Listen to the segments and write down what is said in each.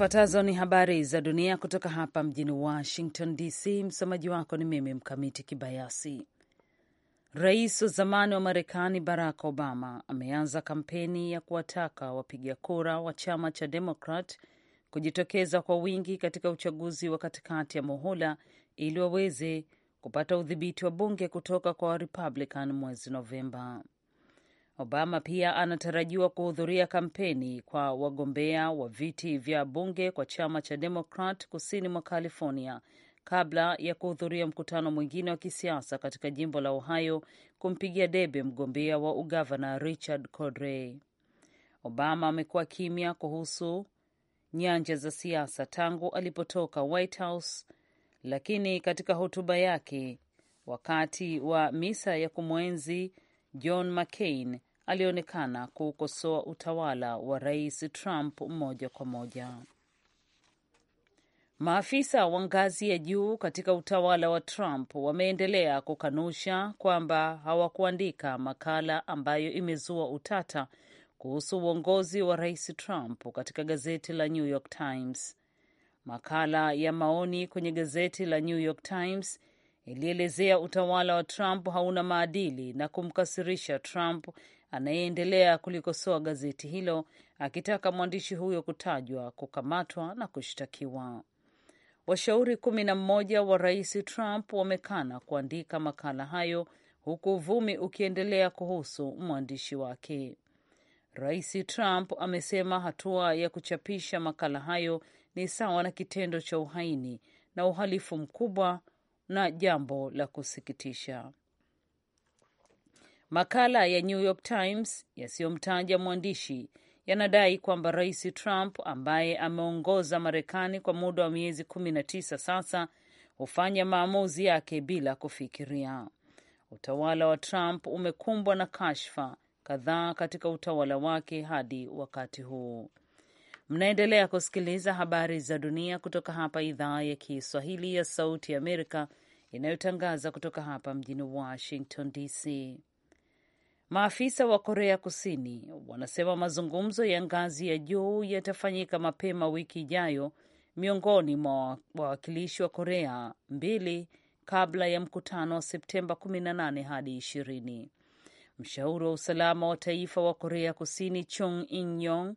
Zifuatazo ni habari za dunia kutoka hapa mjini Washington DC. Msomaji wako ni mimi Mkamiti Kibayasi. Rais wa zamani wa Marekani Barack Obama ameanza kampeni ya kuwataka wapiga kura wa chama cha Demokrat kujitokeza kwa wingi katika uchaguzi wa katikati ya muhula ili waweze kupata udhibiti wa bunge kutoka kwa Warepublican mwezi Novemba. Obama pia anatarajiwa kuhudhuria kampeni kwa wagombea wa viti vya bunge kwa chama cha Demokrat kusini mwa California kabla ya kuhudhuria mkutano mwingine wa kisiasa katika jimbo la Ohio kumpigia debe mgombea wa ugavana Richard Cordray. Obama amekuwa kimya kuhusu nyanja za siasa tangu alipotoka White House, lakini katika hotuba yake wakati wa misa ya kumwenzi John McCain alionekana kuukosoa utawala wa Rais Trump moja kwa moja. Maafisa wa ngazi ya juu katika utawala wa Trump wameendelea kukanusha kwamba hawakuandika makala ambayo imezua utata kuhusu uongozi wa Rais Trump katika gazeti la New York Times. Makala ya maoni kwenye gazeti la New York Times ilielezea utawala wa Trump hauna maadili na kumkasirisha Trump anayeendelea kulikosoa gazeti hilo akitaka mwandishi huyo kutajwa, kukamatwa na kushtakiwa. Washauri kumi na mmoja wa rais Trump wamekana kuandika makala hayo huku uvumi ukiendelea kuhusu mwandishi wake. Rais Trump amesema hatua ya kuchapisha makala hayo ni sawa na kitendo cha uhaini na uhalifu mkubwa na jambo la kusikitisha. Makala ya New York Times yasiyomtaja mwandishi yanadai kwamba Rais Trump ambaye ameongoza Marekani kwa muda wa miezi 19 sasa hufanya maamuzi yake bila kufikiria. Utawala wa Trump umekumbwa na kashfa kadhaa katika utawala wake hadi wakati huu. Mnaendelea kusikiliza habari za dunia kutoka hapa idhaa ya Kiswahili ya Sauti ya Amerika inayotangaza kutoka hapa mjini Washington DC. Maafisa wa Korea Kusini wanasema mazungumzo ya ngazi ya juu yatafanyika mapema wiki ijayo miongoni mwa wawakilishi wa Korea mbili kabla ya mkutano wa Septemba 18 hadi 20. Mshauri wa usalama wa taifa wa Korea Kusini Chung In Yong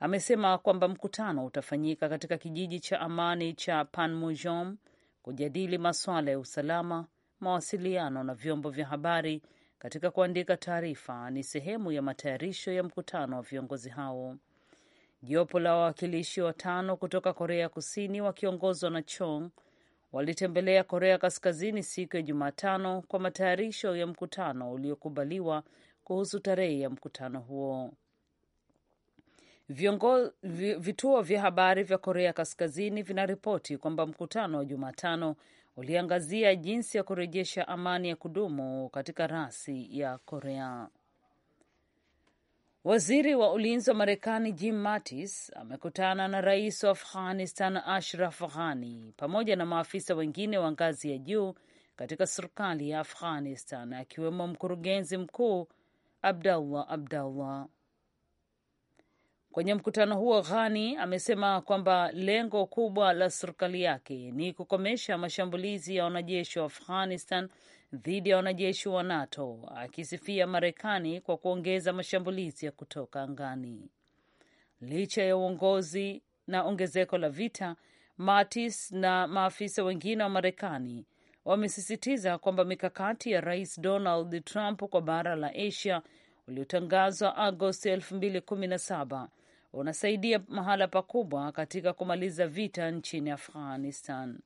amesema kwamba mkutano utafanyika katika kijiji cha amani cha Panmunjom kujadili masuala ya usalama, mawasiliano na vyombo vya habari katika kuandika taarifa ni sehemu ya matayarisho ya mkutano wa viongozi hao. Jopo la wawakilishi watano kutoka Korea Kusini wakiongozwa na Chong walitembelea Korea Kaskazini siku ya Jumatano kwa matayarisho ya mkutano uliokubaliwa kuhusu tarehe ya mkutano huo. Viongo, vituo vya habari vya Korea Kaskazini vinaripoti kwamba mkutano wa Jumatano uliangazia jinsi ya kurejesha amani ya kudumu katika rasi ya Korea. Waziri wa ulinzi wa Marekani Jim Mattis amekutana na rais wa Afghanistan Ashraf Ghani pamoja na maafisa wengine wa ngazi ya juu katika serikali ya Afghanistan akiwemo mkurugenzi mkuu Abdallah Abdallah. Kwenye mkutano huo, Ghani amesema kwamba lengo kubwa la serikali yake ni kukomesha mashambulizi ya wanajeshi wa Afghanistan dhidi ya wanajeshi wa NATO, akisifia Marekani kwa kuongeza mashambulizi ya kutoka angani. Licha ya uongozi na ongezeko la vita, Mattis na maafisa wengine wa Marekani wamesisitiza kwamba mikakati ya Rais Donald Trump kwa bara la Asia uliotangazwa Agosti 2017 unasaidia mahala pakubwa katika kumaliza vita nchini Afghanistan.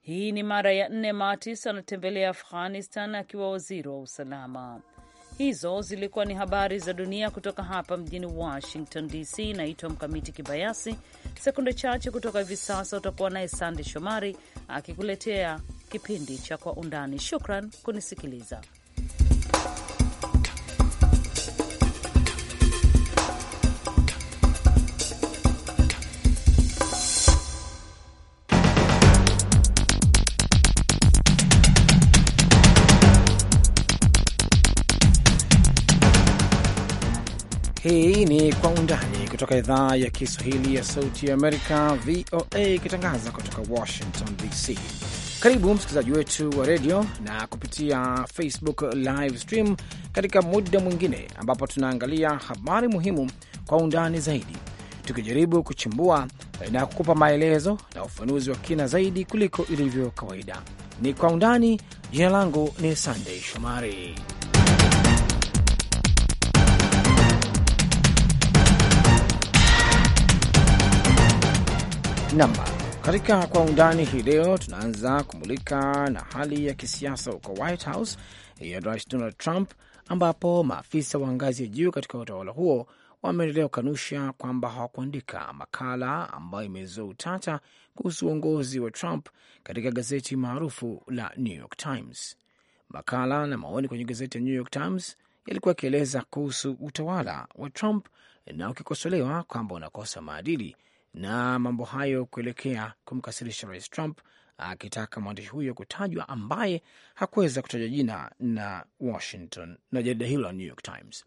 Hii ni mara ya nne Mattis anatembelea Afghanistan akiwa waziri wa usalama. Hizo zilikuwa ni habari za dunia kutoka hapa mjini Washington DC. Naitwa Mkamiti Kibayasi. Sekunde chache kutoka hivi sasa utakuwa naye Sande Shomari akikuletea kipindi cha Kwa Undani. Shukran kunisikiliza. Hii ni Kwa Undani kutoka idhaa ya Kiswahili ya Sauti ya Amerika, VOA, ikitangaza kutoka Washington DC. Karibu msikilizaji wetu wa redio na kupitia Facebook live stream katika muda mwingine, ambapo tunaangalia habari muhimu kwa undani zaidi, tukijaribu kuchimbua na kukupa maelezo na ufanuzi wa kina zaidi kuliko ilivyo kawaida. Ni Kwa Undani. Jina langu ni Sandei Shomari. namba. Katika kwa undani hii leo, tunaanza kumulika na hali ya kisiasa huko White House ya Donald Trump, ambapo maafisa wa ngazi ya juu katika utawala huo wameendelea kukanusha kwamba hawakuandika makala ambayo imezua utata kuhusu uongozi wa Trump katika gazeti maarufu la New York Times. Makala na maoni kwenye gazeti ya New York Times yalikuwa yakieleza kuhusu utawala wa Trump na ukikosolewa kwamba unakosa maadili na mambo hayo kuelekea kumkasirisha Rais Trump akitaka mwandishi huyo kutajwa ambaye hakuweza kutajwa jina na Washington na jarida hilo la New York Times.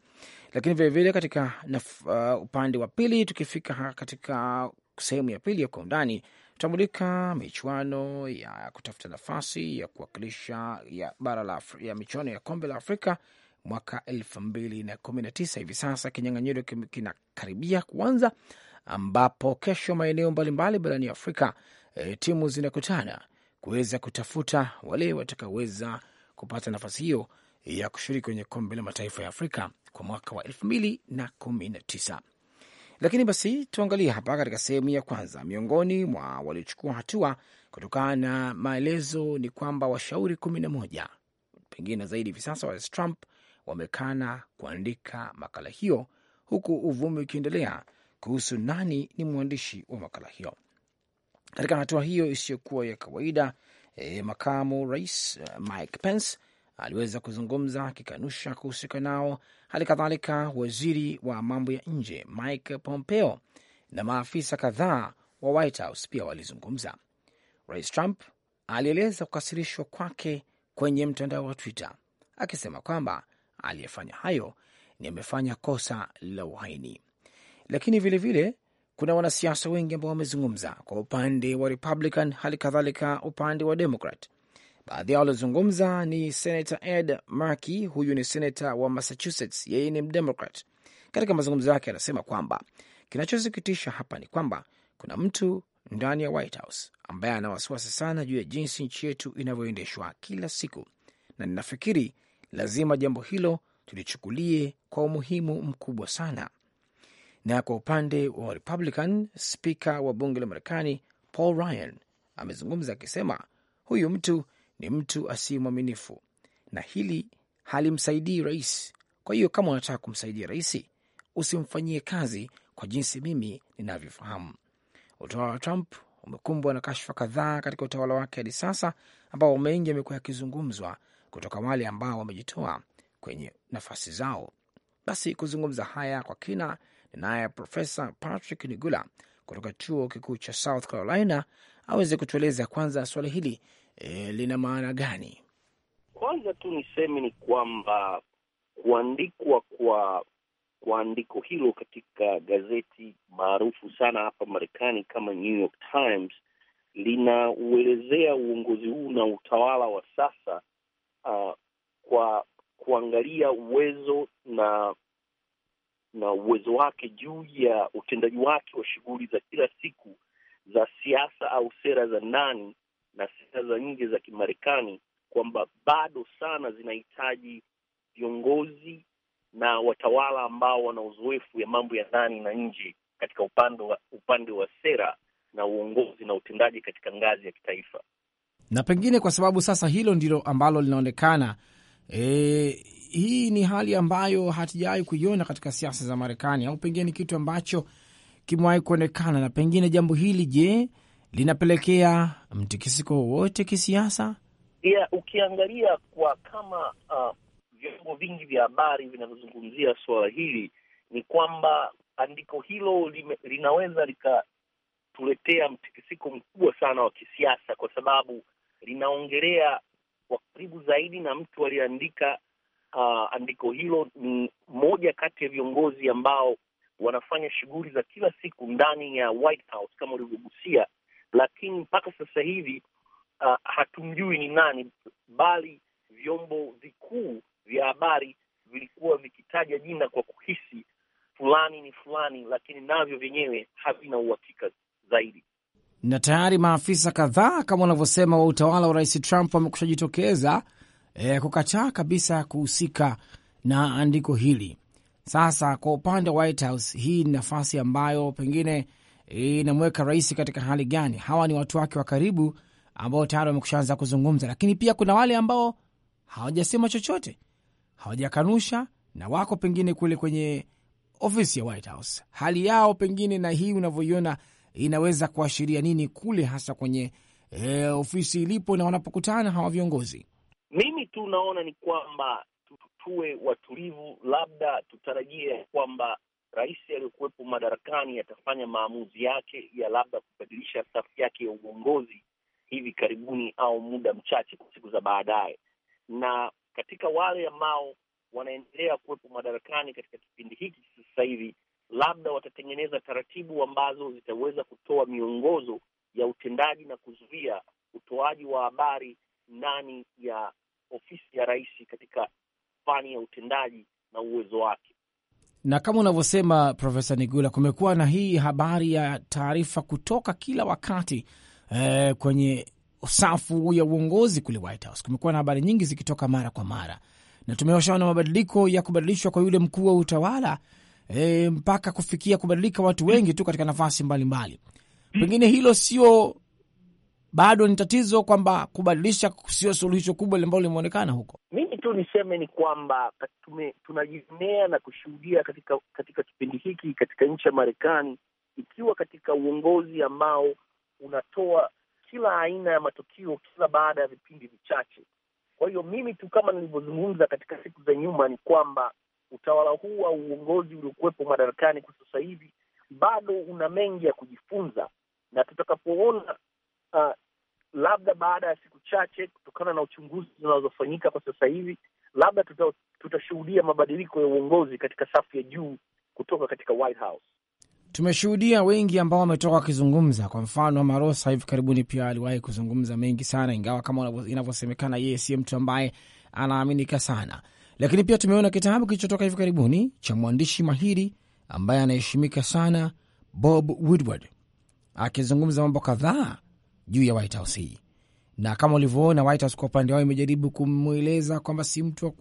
Lakini vilevile katika naf, uh, upande wa pili, tukifika katika sehemu ya pili ya kwa undani, tutamulika michuano ya kutafuta nafasi ya kuwakilisha ya bara la ya michuano ya kombe la Afrika mwaka elfu mbili na kumi na tisa. Hivi sasa kinyang'anyiro kinakaribia kuanza ambapo kesho maeneo mbalimbali barani Afrika e, timu zinakutana kuweza kutafuta wale watakaweza kupata nafasi hiyo ya kushiriki kwenye kombe la mataifa ya Afrika kwa mwaka wa elfu mbili na kumi na tisa. Lakini basi tuangalie hapa katika sehemu ya kwanza, miongoni mwa waliochukua hatua kutokana na maelezo ni kwamba washauri kumi na moja pengine zaidi hivi sasa wa Trump wamekana kuandika makala hiyo, huku uvumi ukiendelea kuhusu nani ni mwandishi wa makala hiyo. Katika hatua hiyo isiyokuwa ya kawaida e, makamu rais e, Mike Pence aliweza kuzungumza akikanusha kuhusika nao. Hali kadhalika waziri wa mambo ya nje Mike Pompeo na maafisa kadhaa wa White House pia walizungumza. Rais Trump alieleza kukasirishwa kwake kwenye mtandao wa Twitter akisema kwamba aliyefanya hayo ni amefanya kosa la uhaini lakini vilevile vile, kuna wanasiasa wengi ambao wamezungumza kwa upande wa Republican, hali kadhalika upande wa Democrat. Baadhi yao waliozungumza ni Senator Ed Markey, huyu ni senata wa Massachusetts, yeye ni Mdemocrat. Katika mazungumzo yake anasema kwamba kinachosikitisha hapa ni kwamba kuna mtu ndani ya White House ambaye ana wasiwasi sana juu ya jinsi nchi yetu inavyoendeshwa kila siku, na ninafikiri lazima jambo hilo tulichukulie kwa umuhimu mkubwa sana. Na kwa upande wa Republican, spika wa bunge la Marekani Paul Ryan amezungumza akisema huyu mtu ni mtu asiye mwaminifu na hili halimsaidii rais. Kwa hiyo kama unataka kumsaidia rais, usimfanyie kazi kwa jinsi mimi ninavyofahamu. Utawala wa Trump umekumbwa na kashfa kadhaa katika utawala wake hadi sasa, ambao mengi yamekuwa yakizungumzwa kutoka wale ambao wamejitoa kwenye nafasi zao. Basi kuzungumza haya kwa kina naye Profesa Patrick Nigula kutoka chuo kikuu cha South Carolina aweze kutueleza kwanza swala hili e, lina maana gani? Kwanza tu niseme ni kwamba kuandikwa kwa kwa andiko hilo katika gazeti maarufu sana hapa Marekani kama New York Times linauelezea uongozi huu na utawala wa sasa uh, kwa kuangalia uwezo na na uwezo wake juu ya utendaji wake wa shughuli za kila siku za siasa au sera za ndani na sera za nje za Kimarekani, kwamba bado sana zinahitaji viongozi na watawala ambao wana uzoefu ya mambo ya ndani na nje katika upande wa, upande wa sera na uongozi na utendaji katika ngazi ya kitaifa. Na pengine kwa sababu sasa hilo ndilo ambalo linaonekana e, hii ni hali ambayo hatujawahi kuiona katika siasa za Marekani, au pengine ni kitu ambacho kimewahi kuonekana. Na pengine jambo hili, je, linapelekea mtikisiko wowote kisiasa? Yeah, ukiangalia kwa kama uh, vyombo vingi vya habari vinavyozungumzia suala hili ni kwamba andiko hilo lime, linaweza likatuletea mtikisiko mkubwa sana wa kisiasa, kwa sababu linaongelea kwa karibu zaidi na mtu aliyeandika uh, andiko hilo ni moja kati ya viongozi ambao wanafanya shughuli za kila siku ndani ya White House kama ulivyogusia, lakini mpaka sasa hivi uh, hatumjui ni nani, bali vyombo vikuu vya habari vilikuwa vikitaja jina kwa kuhisi fulani ni fulani, lakini navyo vyenyewe havina uhakika zaidi. Na tayari maafisa kadhaa kama wanavyosema wa utawala wa Rais Trump wamekusha jitokeza e, kukataa kabisa kuhusika na andiko hili. Sasa kwa upande wa White House, hii ni nafasi ambayo pengine e, inamweka rais katika hali gani? Hawa ni watu wake wa karibu ambao tayari wamekushaanza kuzungumza, lakini pia kuna wale ambao hawajasema chochote, hawajakanusha na wako pengine kule kwenye ofisi ya White House. Hali yao pengine na hii unavyoiona inaweza kuashiria nini kule hasa kwenye e, ofisi ilipo na wanapokutana hawa viongozi? Mimi tu naona ni kwamba tuwe watulivu, labda tutarajie kwamba rais aliyokuwepo madarakani atafanya maamuzi yake ya labda kubadilisha safu yake ya uongozi hivi karibuni au muda mchache kwa siku za baadaye. Na katika wale ambao wanaendelea kuwepo madarakani katika kipindi hiki sasa hivi, labda watatengeneza taratibu ambazo zitaweza kutoa miongozo ya utendaji na kuzuia utoaji wa habari ndani ya ofisi ya rais katika fani ya utendaji na uwezo wake. Na kama unavyosema Profesa Nigula, kumekuwa na hii habari ya taarifa kutoka kila wakati eh, kwenye safu ya uongozi kule White House. Kumekuwa na habari nyingi zikitoka mara kwa mara, na tumeoshaona mabadiliko ya kubadilishwa kwa yule mkuu wa utawala e, mpaka kufikia kubadilika watu wengi tu katika nafasi mbalimbali mbali. Pengine hilo sio bado ni tatizo kwamba kubadilisha sio suluhisho kubwa ambalo limeonekana huko. Mimi tu niseme ni kwamba tunajionea na kushuhudia katika katika kipindi hiki katika nchi ya Marekani ikiwa katika uongozi ambao unatoa kila aina ya matukio kila baada ya vipindi vichache. Kwa hiyo mimi tu kama nilivyozungumza katika siku za nyuma, ni kwamba utawala huu au uongozi uliokuwepo madarakani kwa sasa hivi bado una mengi ya kujifunza, na tutakapoona uh, labda baada ya siku chache, kutokana na uchunguzi zinazofanyika kwa sasa hivi, labda tutashuhudia tuta mabadiliko ya uongozi katika safu ya juu kutoka katika White House. Tumeshuhudia wengi ambao wametoka wakizungumza. Kwa mfano Marosa hivi karibuni pia aliwahi kuzungumza mengi sana, ingawa kama inavyosemekana yeye siye mtu ambaye anaaminika sana, lakini pia tumeona kitabu kilichotoka hivi karibuni cha mwandishi mahiri ambaye anaheshimika sana Bob Woodward akizungumza mambo kadhaa juu ya White House hii, na kama ulivyoona White House kwa upande wao imejaribu kumweleza kwamba si mtu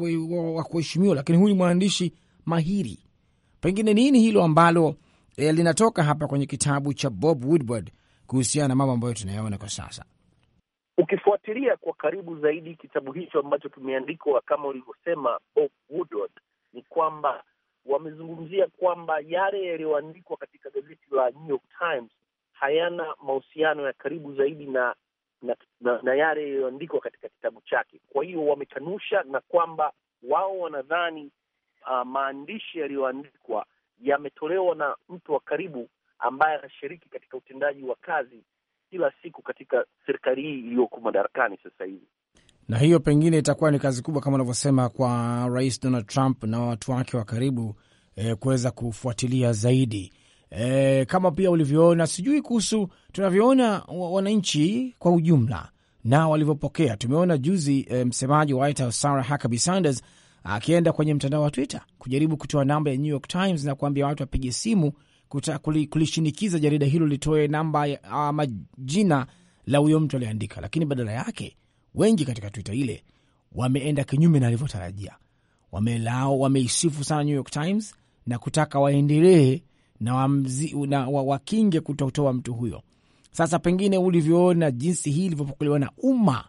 wa kuheshimiwa, lakini huyu ni mwandishi mahiri. Pengine nini hilo ambalo eh, linatoka hapa kwenye kitabu cha Bob Woodward kuhusiana na mambo ambayo tunayaona kwa sasa. Ukifuatilia kwa karibu zaidi kitabu hicho ambacho kimeandikwa kama ulivyosema Bob Woodward, ni kwamba wamezungumzia kwamba yale yaliyoandikwa katika gazeti la New York Times hayana mahusiano ya karibu zaidi na na, na, na yale yaliyoandikwa katika kitabu chake. Kwa hiyo wamekanusha na kwamba wao wanadhani uh, maandishi yaliyoandikwa yametolewa na mtu wa karibu ambaye anashiriki katika utendaji wa kazi kila siku katika serikali hii iliyoko madarakani sasa hivi, na hiyo pengine itakuwa ni kazi kubwa kama unavyosema kwa Rais Donald Trump na watu wake wa karibu eh, kuweza kufuatilia zaidi e, kama pia ulivyoona, sijui kuhusu tunavyoona wananchi kwa ujumla na walivyopokea. Tumeona juzi e, msemaji wa White House Sarah Huckabee Sanders akienda kwenye mtandao wa Twitter kujaribu kutoa namba ya New York Times na kuambia watu wapige simu kulishinikiza jarida hilo litoe namba ama jina la huyo mtu aliandika, lakini badala yake wengi katika Twitter ile wameenda kinyume na alivyotarajia, wamelao wameisifu sana New York Times na kutaka waendelee na, wakinge kutotoa mtu huyo. Sasa pengine ulivyoona jinsi hii ilivyopokelewa na umma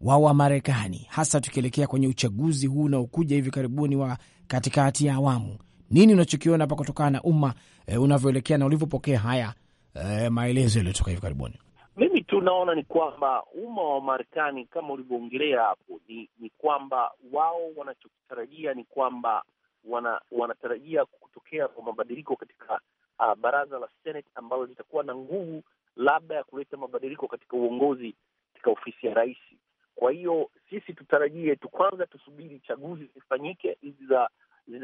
wa Wamarekani, hasa tukielekea kwenye uchaguzi huu unaokuja hivi karibuni wa katikati ya awamu, nini unachokiona hapa kutokana na umma e, unavyoelekea na ulivyopokea haya e, maelezo yaliyotoka hivi karibuni? Mimi tu naona ni kwamba umma wa Marekani kama ulivyoongelea hapo, ni, ni kwamba wao wanachokitarajia ni kwamba wana, wanatarajia kutokea kwa mabadiliko katika uh, baraza la Senate ambalo litakuwa na nguvu labda ya kuleta mabadiliko katika uongozi katika ofisi ya rais. Kwa hiyo sisi tutarajie tu, kwanza tusubiri chaguzi zifanyike hizi za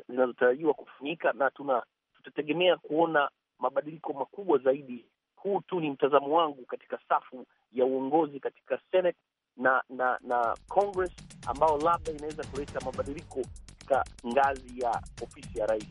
zinazotarajiwa kufanyika, na tuna tutategemea kuona mabadiliko makubwa zaidi. Huu tu ni mtazamo wangu katika safu ya uongozi katika Senate na na na Congress ambao labda inaweza kuleta mabadiliko katika ngazi ya ofisi ya rais.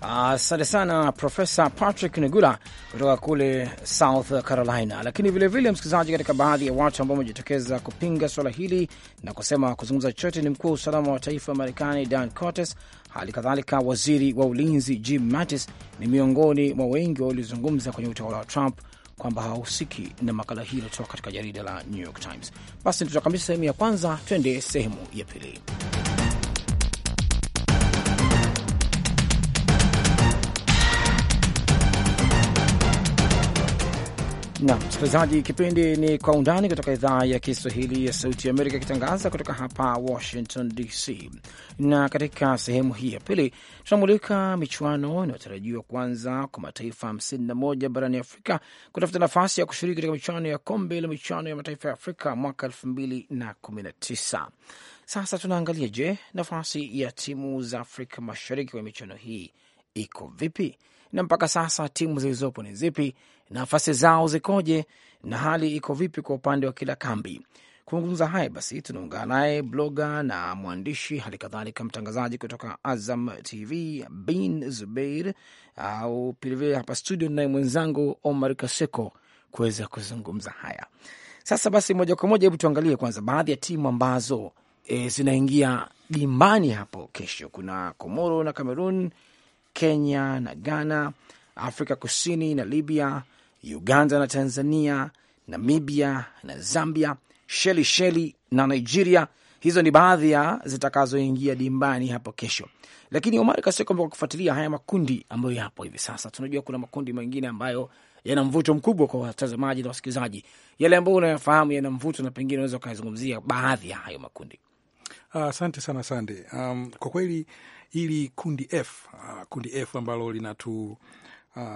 Asante uh, sana Profesa Patrick Negula kutoka kule South Carolina. Lakini vilevile, msikilizaji, katika baadhi ya watu ambao wamejitokeza kupinga swala hili na kusema kuzungumza chochote ni mkuu wa usalama wa taifa wa Marekani Dan Cortes, hali kadhalika waziri wa ulinzi Jim Mattis ni miongoni mwa wengi waliozungumza kwenye utawala wa Trump kwamba hawahusiki na makala hii iliyotoka katika jarida la New York Times. Basi tutakamilisha sehemu ya kwanza, twende sehemu ya pili. na msikilizaji, kipindi ni Kwa Undani kutoka idhaa ya Kiswahili ya Sauti ya Amerika ikitangaza kutoka hapa Washington DC. Na katika sehemu hii ya pili tunamulika michuano inayotarajiwa kuanza kwa mataifa 51 barani Afrika kutafuta nafasi ya kushiriki katika michuano ya kombe la michuano ya mataifa ya Afrika mwaka 2019. Sasa tunaangalia, je, nafasi ya timu za Afrika Mashariki kwenye michuano hii iko vipi na mpaka sasa timu zilizopo ni zipi nafasi zao zikoje na hali iko vipi kwa upande wa kila kambi. Kuzungumza haya basi, tunaungana naye bloga na mwandishi hali kadhalika mtangazaji kutoka Azam TV Bin Zubeir, au vilevile hapa studio naye mwenzangu Omar Kaseko kuweza kuzungumza haya. Sasa basi, moja kwa moja, hebu tuangalie kwanza baadhi ya timu ambazo e, zinaingia dimbani hapo kesho. Kuna Komoro na Cameroon, Kenya na Ghana, Afrika Kusini na Libya, Uganda na Tanzania, Namibia na Zambia, Shelisheli na Nigeria. Hizo ni baadhi ya zitakazoingia dimbani hapo kesho. Lakini Omar Kaseko, kwa kufuatilia haya makundi ambayo yapo hivi sasa, tunajua kuna makundi mengine ambayo yana mvuto mkubwa kwa watazamaji na wasikilizaji, yale ambayo unayafahamu yana mvuto, na pengine unaweza ukazungumzia baadhi ya hayo makundi. Ah, asante uh, sana sande. Um, kwa kweli hili kundi F uh, kundi F ambalo linatu uh,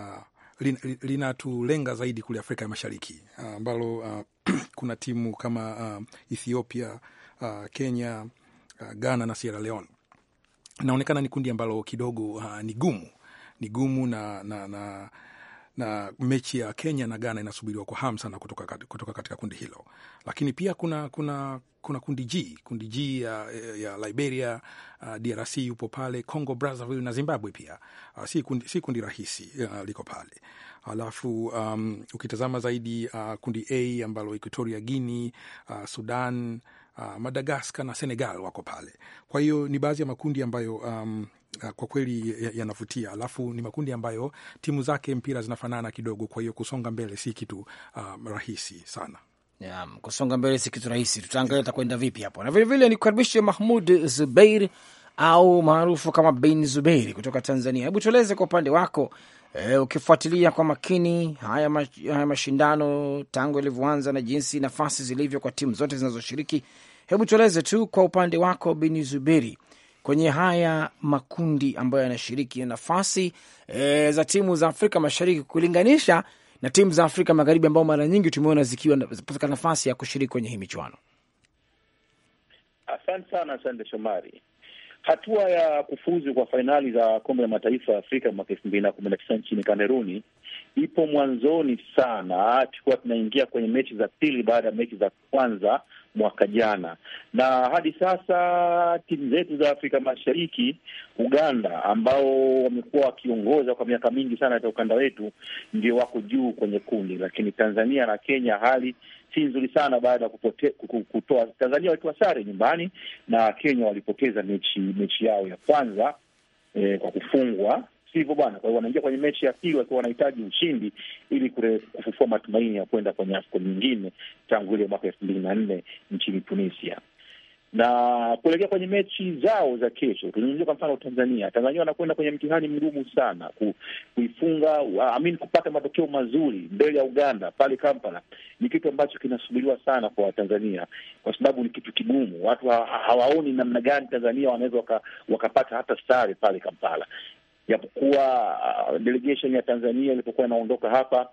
linatulenga lina zaidi kule Afrika ya Mashariki ah, ambalo uh, uh, kuna timu kama uh, Ethiopia uh, Kenya uh, Ghana na Sierra Leone. Inaonekana ni kundi ambalo kidogo uh, ni gumu ni gumu na, na, na na mechi ya Kenya na Ghana inasubiriwa kwa hamu sana kutoka, kutoka katika kundi hilo, lakini pia kuna kuna kuna kundi G, kundi G ya, ya Liberia, uh, DRC yupo pale, Congo Brazzaville na Zimbabwe pia. Uh, si kundi, si kundi rahisi uh, liko pale alafu um, ukitazama zaidi uh, kundi A ambalo Equatoria Guinea, uh, Sudan, uh, Madagaskar na Senegal wako pale. Kwa hiyo ni baadhi ya makundi ambayo um, Eh, kwa kweli yanavutia alafu ni makundi ambayo timu zake mpira zinafanana kidogo, kwa hiyo kusonga mbele si kitu um, rahisi sana. Yeah, kusonga mbele si kitu rahisi. Tutaangalia takwenda vipi hapo, na vilevile nikukaribishe Mahmud Zubeir au maarufu kama Bin Zubeir kutoka Tanzania. Hebu tueleze kwa upande wako e, ukifuatilia kwa makini haya, ma, haya mashindano tangu yalivyoanza na jinsi nafasi zilivyo kwa timu zote zinazoshiriki. Hebu tueleze tu kwa upande wako Bin Zubeiri, kwenye haya makundi ambayo yanashiriki nafasi e, za timu za Afrika Mashariki kulinganisha na timu za Afrika Magharibi ambao mara nyingi tumeona zikiwa katika nafasi ya kushiriki kwenye hii michuano? Asante sana, Sande Shomari. Hatua ya kufuzu kwa fainali za kombe la mataifa ya Afrika mwaka elfu mbili na kumi na tisa nchini Kameruni ipo mwanzoni sana, tukiwa tunaingia kwenye mechi za pili baada ya mechi za kwanza mwaka jana, na hadi sasa timu zetu za Afrika Mashariki, Uganda ambao wamekuwa wakiongoza kwa miaka mingi sana katika ukanda wetu, ndio wako juu kwenye kundi, lakini Tanzania na Kenya hali si nzuri sana baada ya kutoa, Tanzania walitoa sare nyumbani na Kenya walipoteza mechi mechi yao ya kwanza eh, kwa kufungwa sivyo bwana. Kwa hiyo wanaingia kwenye mechi ya pili wakiwa wanahitaji ushindi ili kufufua matumaini ya kwenda kwenye AFCON nyingine tangu ile mwaka elfu mbili na nne nchini Tunisia na kuelekea kwenye mechi zao za kesho, tuzungumzia kwa mfano Tanzania. Tanzania wanakwenda kwenye mtihani mgumu sana ku, kuifunga amin, kupata matokeo mazuri mbele ya Uganda pale Kampala ni kitu ambacho kinasubiriwa sana kwa Watanzania kwa sababu ni kitu kigumu. Watu hawaoni namna gani Tanzania wanaweza waka, wakapata hata sare pale Kampala japokuwa uh, delegation ya Tanzania ilipokuwa inaondoka hapa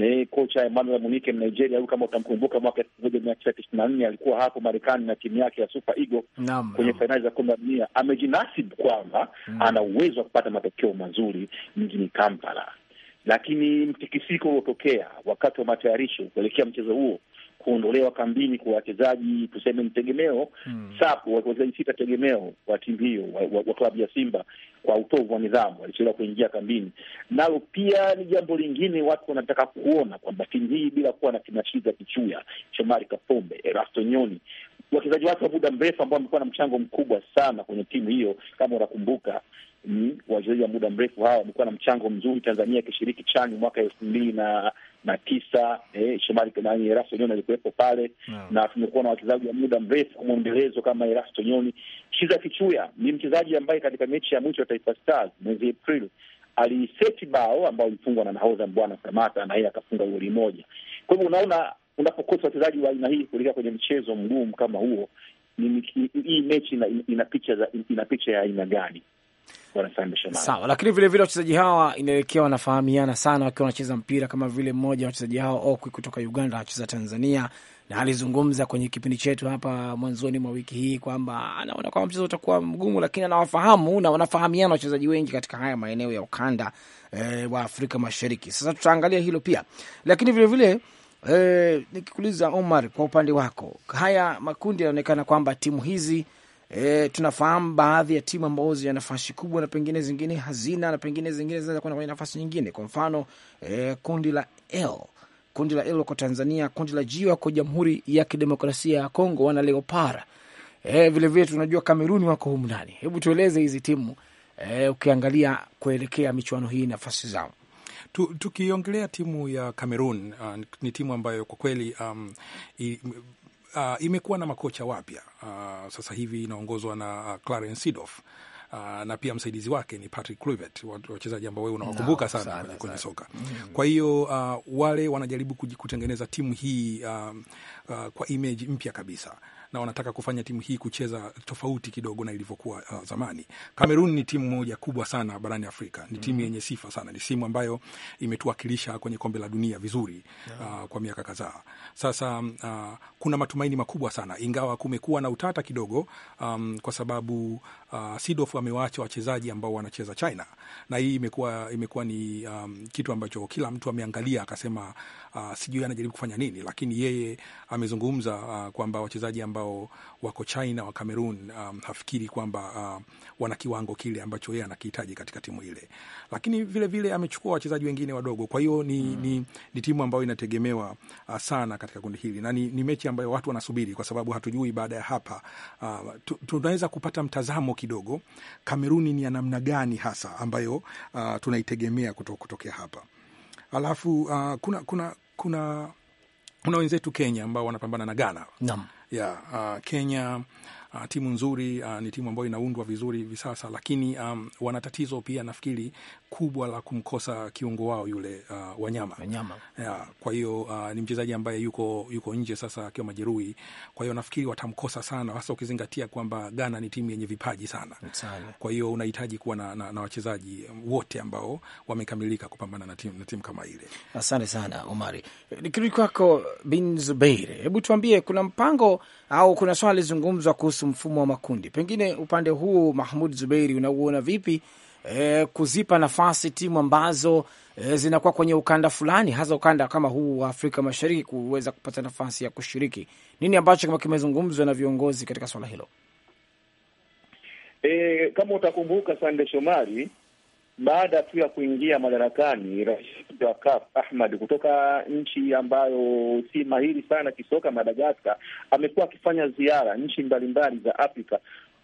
E, kocha Emmanuel Munike Nigeria, huyu kama utamkumbuka, mwaka elfu moja mia tisa tisini na nne alikuwa hapo Marekani na timu yake ya Super Eagle kwenye fainali za kombe la dunia. Amejinasibu kwamba mm, ana uwezo wa kupata matokeo mazuri mjini Kampala, lakini mtikisiko uliotokea wakati wa matayarisho kuelekea mchezo huo kuondolewa kambini kwa wachezaji tuseme mtegemeo hmm. sapu wachezaji sita tegemeo wa timu hiyo wa, wa, wa klabu ya Simba kwa utovu wa nidhamu, walichelewa kuingia kambini. Nalo pia ni jambo lingine, watu wanataka kuona kwamba timu hii bila kuwa na kinashiza kichuya Shomari Kapombe, Erasto Nyoni, wachezaji wake wa muda mrefu ambao wamekuwa na mchango mkubwa sana kwenye timu hiyo, kama unakumbuka ni mm, wazoezi wa muda mrefu. Hawa wamekuwa na mchango mzuri Tanzania akishiriki chani mwaka elfu mbili na na tisa eh, Shomari nani Erasto Nyoni alikuwepo pale yeah. na tumekuwa na wachezaji wa muda mrefu mwendelezo kama Erasto Nyoni. Kiza Kichuya ni mchezaji ambaye katika mechi ya mwisho ya Taifa Stars mwezi Aprili aliseti bao ambao ilifungwa na nahodha Mbwana Samata na yeye akafunga goli moja. Kwa hivyo unaona, unapokosa wachezaji wa aina hii kulika kwenye mchezo mgumu kama huo, hii mechi ina, ina picha ya aina gani? Sawa, lakini vilevile wachezaji hawa inaelekea wanafahamiana sana wakiwa wanacheza mpira, kama vile mmoja wa wachezaji hawa Okwi kutoka Uganda anacheza Tanzania, na alizungumza kwenye kipindi chetu hapa mwanzoni mwa wiki hii kwamba anaona kwamba mchezo utakuwa mgumu, lakini anawafahamu na wanafahamiana wachezaji wengi katika haya maeneo ya ukanda e, wa Afrika Mashariki. Sasa tutaangalia hilo pia, lakini vilevile e, eh, nikikuuliza Omar, kwa upande wako haya makundi yanaonekana kwamba timu hizi E, tunafahamu baadhi ya timu ambazo zina nafasi kubwa na pengine zingine hazina na pengine zingine zinaweza kwenda kwenye nafasi nyingine. Kwa mfano e, kundi la L, kundi la L wako Tanzania, kundi la G wako Jamhuri ya Kidemokrasia ya Kongo, wana Leopara e, vile vile tunajua Kameruni wako humu ndani. Hebu tueleze hizi timu e, ukiangalia kuelekea michuano hii nafasi zao tukiongelea timu ya Cameroon uh, ni timu ambayo kwa kweli um, uh, imekuwa na makocha wapya uh, sasa hivi inaongozwa na uh, Clarence Seedorf Uh, na pia msaidizi wake ni Patrick Kluivert, wachezaji ambao wewe unawakumbuka no, sana, sana kwenye, kwenye soka mm -hmm. Kwa hiyo uh, wale wanajaribu kutengeneza timu hii uh, uh, kwa image mpya kabisa na wanataka kufanya timu hii kucheza tofauti kidogo na ilivyokuwa uh, zamani. Kamerun ni timu moja kubwa sana barani Afrika, ni timu mm-hmm. yenye sifa sana, ni timu ambayo imetuwakilisha kwenye kombe la dunia vizuri yeah. uh, kwa miaka kadhaa sasa. Um, uh, kuna matumaini makubwa sana, ingawa kumekuwa na utata kidogo um, kwa sababu uh, Sidof amewaacha wachezaji ambao wanacheza China, na hii imekuwa imekuwa ni um, kitu ambacho kila mtu ameangalia akasema, uh, sijui anajaribu kufanya nini, lakini yeye amezungumza uh, kwamba wachezaji ambao ambao wako China wa Cameroon um, hafikiri kwamba uh, wana kiwango kile ambacho yeye anakihitaji katika timu ile, lakini vile vile amechukua wachezaji wengine wadogo. Kwa hiyo ni, mm. ni, ni timu ambayo inategemewa uh, sana katika kundi hili na ni, ni mechi ambayo watu wanasubiri kwa sababu hatujui baada ya hapa uh, tunaweza kupata mtazamo kidogo Kameruni ni ya namna gani hasa ambayo uh, tunaitegemea kuto, kutokea hapa alafu uh, kuna kuna kuna kuna wenzetu Kenya ambao wanapambana na Ghana. Naam yeah, uh, Kenya uh, timu nzuri uh, ni timu ambayo inaundwa vizuri hivi sasa, lakini um, wana tatizo pia nafikiri kubwa la kumkosa kiungo wao yule uh, Wanyama, Wanyama. Yeah, kwa hiyo uh, ni mchezaji ambaye yuko, yuko nje sasa akiwa majeruhi, kwa hiyo nafikiri watamkosa sana, hasa ukizingatia kwamba Ghana ni timu yenye vipaji sana, Mtale. Kwa hiyo unahitaji kuwa na, na, na wachezaji wote ambao wamekamilika kupambana na timu, na timu kama ile. Asante sana Omari, eh, nikirudi kwako Bin Zubeir, hebu tuambie kuna mpango au kuna swala lizungumzwa kuhusu mfumo wa makundi, pengine upande huu Mahmud Zubeiri unauona vipi? e, kuzipa nafasi timu ambazo e, zinakuwa kwenye ukanda fulani, hasa ukanda kama huu wa Afrika Mashariki kuweza kupata nafasi ya kushiriki? Nini ambacho kama kimezungumzwa na viongozi katika swala hilo? E, kama utakumbuka Sande Shomari, baada tu ya kuingia madarakani rais wa CAF Ahmad kutoka nchi ambayo si mahiri sana kisoka Madagaskar, amekuwa akifanya ziara nchi mbalimbali za Afrika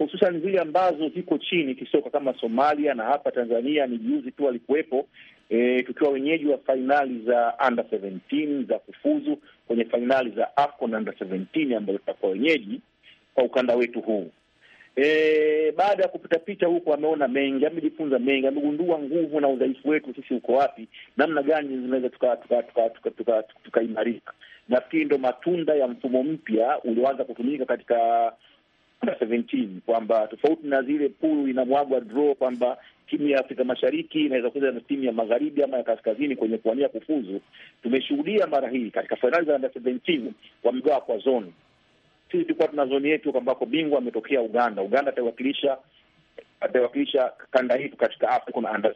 hususan zile ambazo ziko chini kisoka kama Somalia na hapa Tanzania ni juzi tu alikuwepo e, tukiwa wenyeji wa fainali za under 17 za kufuzu kwenye fainali za AFCON under 17 ambazo tutakuwa wenyeji kwa ukanda wetu huu. E, baada ya kupitapita huko ameona mengi, amejifunza mengi, amegundua nguvu na udhaifu wetu sisi uko wapi, namna gani zinaweza tukaimarika tuka, tuka, tuka, tuka, tuka. Nafikiri ndo matunda ya mfumo mpya ulioanza kutumika katika 17 kwamba tofauti na zile pulu inamwagwa draw kwamba timu ya Afrika Mashariki inaweza kucheza na timu ya magharibi ama ya kaskazini kwenye kuwania kufuzu. Tumeshuhudia mara hii katika fainali za under 17 wamegawa kwa zoni. Sisi tulikuwa tuna zoni yetu ambako bingwa ametokea Uganda. Uganda atawakilisha atawakilisha kanda hii katika Afrika na under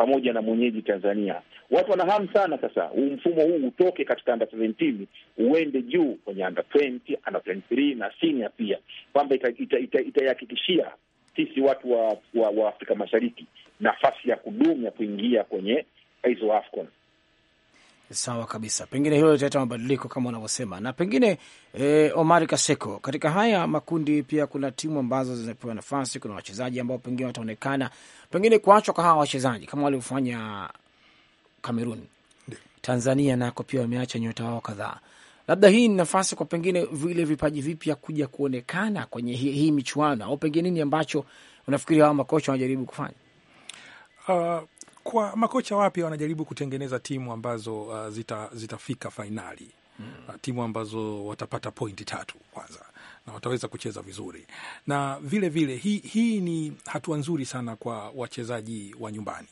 pamoja na mwenyeji Tanzania. Watu wana hamu sana sasa mfumo huu utoke katika under 17 uende juu kwenye under 20, under 23 na senior pia, kwamba itaihakikishia ita, ita sisi watu wa, wa, wa Afrika Mashariki nafasi ya kudumu ya kuingia kwenye hizo AFCON. Sawa kabisa, pengine hilo litaleta mabadiliko kama unavyosema. Na pengine e, eh, Omari Kaseko, katika haya makundi pia kuna timu ambazo zinapewa nafasi, kuna wachezaji ambao pengine wataonekana pengine kuachwa kwa hawa wachezaji kama walivyofanya Kamerun. Tanzania nako pia wameacha nyota wao kadhaa. Labda hii ni nafasi kwa pengine vile vipaji vipya kuja kuonekana kwenye hii, hii michuano au pengine nini ambacho unafikiri hawa makocha wanajaribu kufanya? Uh, kwa makocha wapya wanajaribu kutengeneza timu ambazo uh, zita, zitafika fainali mm. Uh, timu ambazo watapata pointi tatu kwanza na wataweza kucheza vizuri na vile vile, hii hii ni hatua nzuri sana kwa wachezaji wa nyumbani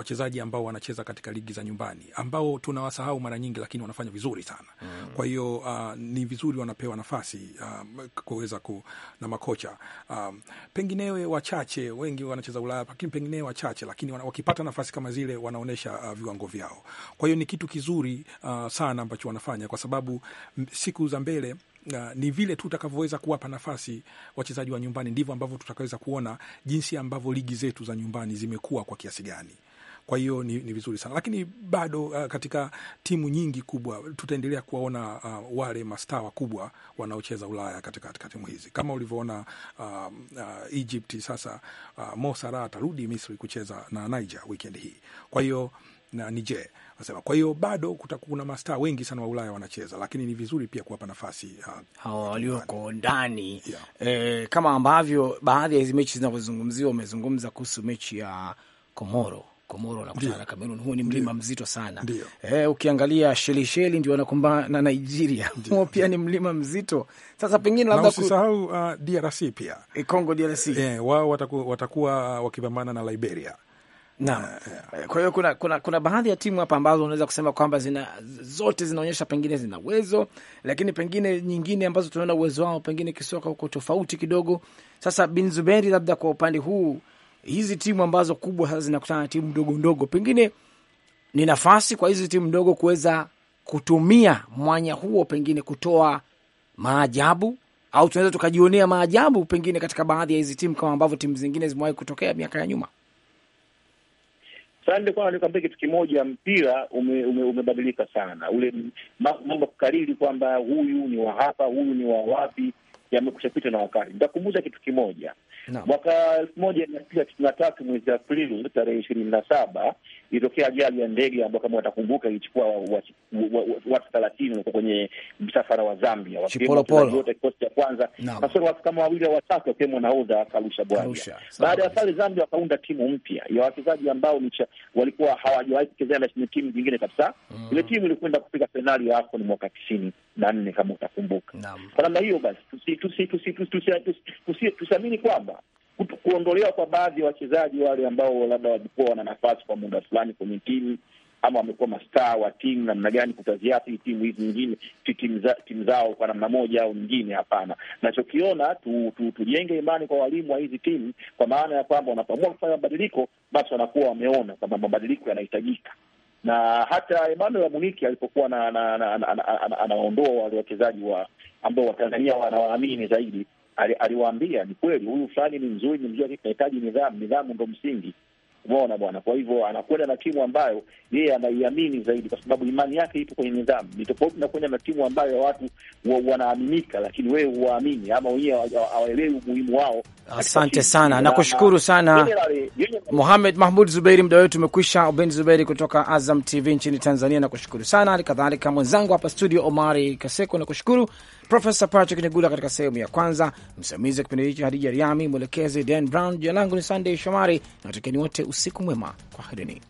wachezaji ambao wanacheza katika ligi za nyumbani ambao tunawasahau mara nyingi, lakini wanafanya vizuri sana mm. Kwa hiyo uh, ni vizuri wanapewa nafasi uh, kuweza ku, na makocha um, penginewe wachache, wengi wanacheza Ulaya, lakini penginewe wachache, lakini wakipata nafasi kama zile wanaonyesha uh, viwango vyao. Kwa hiyo ni kitu kizuri uh, sana ambacho wanafanya kwa sababu siku za mbele Uh, ni vile tu tutakavyoweza kuwapa nafasi wachezaji wa nyumbani ndivyo ambavyo tutakaweza kuona jinsi ambavyo ligi zetu za nyumbani zimekuwa kwa kiasi gani. Kwa hiyo ni, ni vizuri sana lakini bado uh, katika timu nyingi kubwa tutaendelea kuwaona uh, wale mastaa wakubwa wanaocheza Ulaya katika, katika timu hizi kama ulivyoona uh, uh, Egypt sasa uh, Mo Salah atarudi Misri kucheza na Niger weekend hii, kwa hiyo na Niger nasema. Kwa hiyo bado kuna mastaa wengi sana wa Ulaya wanacheza, lakini ni vizuri pia kuwapa nafasi uh, hawa walioko ndani yeah. E, kama ambavyo baadhi ya hizi mechi zinavyozungumziwa umezungumza kuhusu mechi ya Komoro Komoro wanakutana na Kamerun. Huu ni mlima mzito sana e, ukiangalia Shelisheli ndio wanakumbana na Nigeria, huo pia ni mlima mzito. Sasa pengine labda usisahau ku... uh, DRC pia e, Congo DRC e, eh, wao wataku, watakuwa wakipambana na Liberia. Naam, kwa hiyo kuna, kuna, kuna baadhi ya timu hapa ambazo unaweza kusema kwamba zina, zote zinaonyesha pengine zina uwezo, lakini pengine nyingine ambazo tunaona uwezo wao pengine kisoka huko tofauti kidogo. Sasa Binzuberi, labda kwa upande huu hizi timu ambazo kubwa sasa zinakutana na timu ndogo ndogo, pengine ni nafasi kwa hizi timu ndogo kuweza kutumia mwanya huo, pengine kutoa maajabu au tunaweza tukajionea maajabu pengine katika baadhi ya hizi timu kama ambavyo timu zingine zimewahi kutokea miaka ya nyuma. Sande, kwanza nikwambia kitu kimoja, mpira ume, ume, umebadilika sana. Ule mambo kukariri kwamba huyu ni wa hapa, huyu ni wa wapi, yamekusha pita na wakati. Nitakumbusha kitu kimoja mwaka elfu moja mia tisa tisini na tatu mwezi Aprili tarehe ishirini na saba ilitokea ajali ya ndege ambayo kama watakumbuka ilichukua watu thelathini walikuwa kwenye msafara wa Zambia, wote kikosi cha kwanza kasoro watu kama wawili au watatu, wakiwemo nahodha Kalusha Bwalya. Baada ya pale, Zambia wakaunda timu mpya ya wachezaji ambao walikuwa hawajawahi kuchezea na timu zingine kabisa. Ile timu ilikwenda kupiga fainali ya AFCON mwaka tisini na nne kama utakumbuka. Kwa namna hiyo basi, tusiamini kwamba kuondolewa kwa baadhi ya wachezaji wale ambao labda walikuwa wana nafasi kwa muda fulani kwenye timu ama wamekuwa mastaa wa timu namna gani, kutaziathiri timu hizi nyingine timu zao kwa namna moja au nyingine? Hapana. Nachokiona tu, tu, tujenge imani kwa walimu wa hizi timu, kwa maana ya kwamba wanapoamua kufanya mabadiliko, basi wanakuwa wameona kwamba mabadiliko yanahitajika na hata Emmanuel Muniki alipokuwa anaondoa wale wachezaji wa ambao Watanzania wanawaamini zaidi aliwaambia ni kweli, huyu fulani ni mzuri, ni mzuri, nahitaji nidhamu. Nidhamu ndo msingi, umeona bwana. Kwa hivyo anakwenda na timu ambayo yeye anaiamini zaidi, kwa sababu imani yake ipo kwenye nidhamu. Ni tofauti na kwenda na timu ambayo watu wanaaminika, lakini wewe huwaamini ama wenyewe hawaelewi umuhimu wao. Asante sana, nakushukuru sana Muhamed Mahmud zuberi muda wetu umekwisha. Ubeni zuberi kutoka Azam TV nchini Tanzania, nakushukuru sana. Hali kadhalika mwenzangu hapa studio Omari Kaseko, nakushukuru Profesa Patrick Negula katika sehemu ya kwanza, msimamizi wa kipindi hicho Hadija Riami, mwelekezi Dan Brown. Jina langu ni Sandey Shomari na watakieni wote usiku mwema, kwaherini.